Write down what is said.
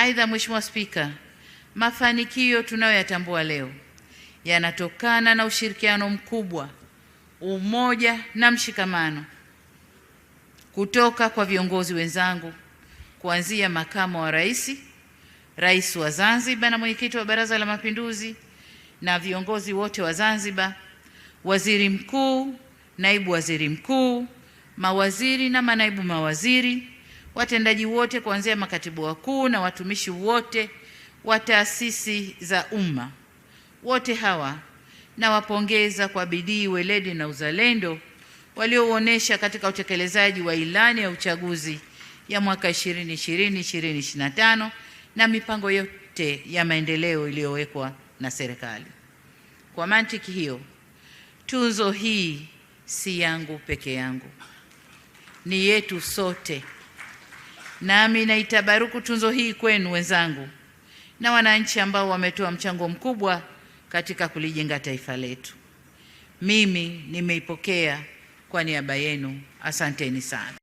Aidha, Mheshimiwa Spika, mafanikio tunayoyatambua leo yanatokana na ushirikiano mkubwa, umoja na mshikamano kutoka kwa viongozi wenzangu kuanzia makamu wa rais, rais wa Zanzibar na mwenyekiti wa Baraza la Mapinduzi na viongozi wote wa Zanzibar, waziri mkuu, naibu waziri mkuu, mawaziri na manaibu mawaziri watendaji wote kuanzia makatibu wakuu na watumishi wote wa taasisi za umma. Wote hawa nawapongeza kwa bidii, weledi na uzalendo waliouonesha katika utekelezaji wa ilani ya uchaguzi ya mwaka 2020 2025 na mipango yote ya maendeleo iliyowekwa na serikali. Kwa mantiki hiyo, tuzo hii si yangu peke yangu, ni yetu sote. Nami naitabaruku tunzo hii kwenu wenzangu na wananchi ambao wametoa mchango mkubwa katika kulijenga taifa letu. Mimi nimeipokea kwa niaba yenu. Asanteni sana.